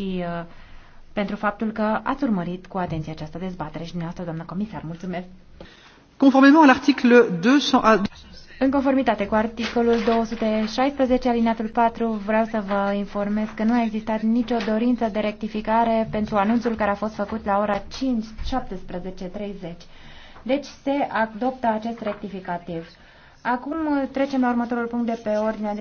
și uh, pentru faptul că ați urmărit cu atenție această dezbatere și dumneavoastră, doamnă comisar. Mulțumesc! Conformément à l'article 200... În conformitate cu articolul 216, alineatul 4, vreau să vă informez că nu a existat nicio dorință de rectificare pentru anunțul care a fost făcut la ora 5:17:30, Deci se adoptă acest rectificativ. Acum trecem la următorul punct de pe ordinea de